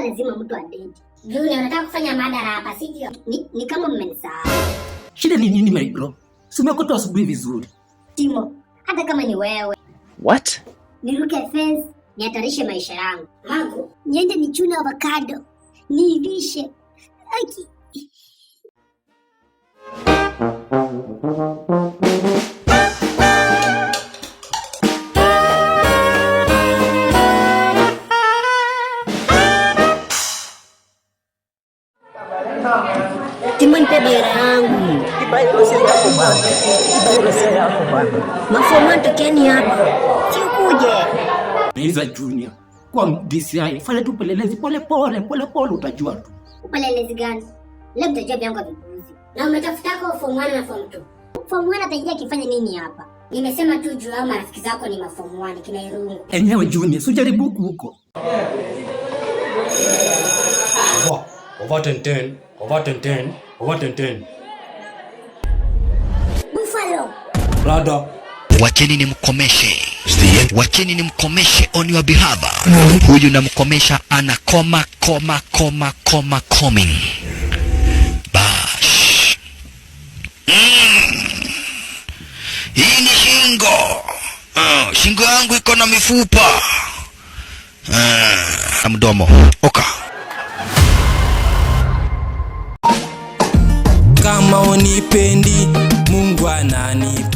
hapa lazima mtu adeti. Juni, unataka kufanya madara hapa, sivyo? Ni, ni kama mmenisahau. Shida ni nini my bro? Si asubuhi vizuri. Timo, hata kama ni wewe. What? Niruke fence, nihatarishe maisha yangu. Mangu, niende nichune avocado. Niivishe. Aki. Timanipe baira yangu mafomatokeni hapa sikuje Maiza Junior kwa DCI, fanya tu upelelezi polepole polepole, utajua tu. Upelelezi gani? Leo utajua vyangu vipuzi. Na umetafutako form 1 na form 2. Form 1 atajia kifanya nini hapa? Nimesema tu juu marafiki zako ni maform 1 kina Irungu. Enyewe Junior, sijaribu huko huko over 10 10 over 10 10 over 10 10. Buffalo brother, wacheni ni mkomeshe wacheni ni mkomeshe on your behalf. Mm-hmm. Huyu na mkomesha ana koma koma koma koma coming bash. Mm. Hii ni shingo uh, shingo yangu iko na mifupa uh, mdomo oka okay. sipendi Mungu anani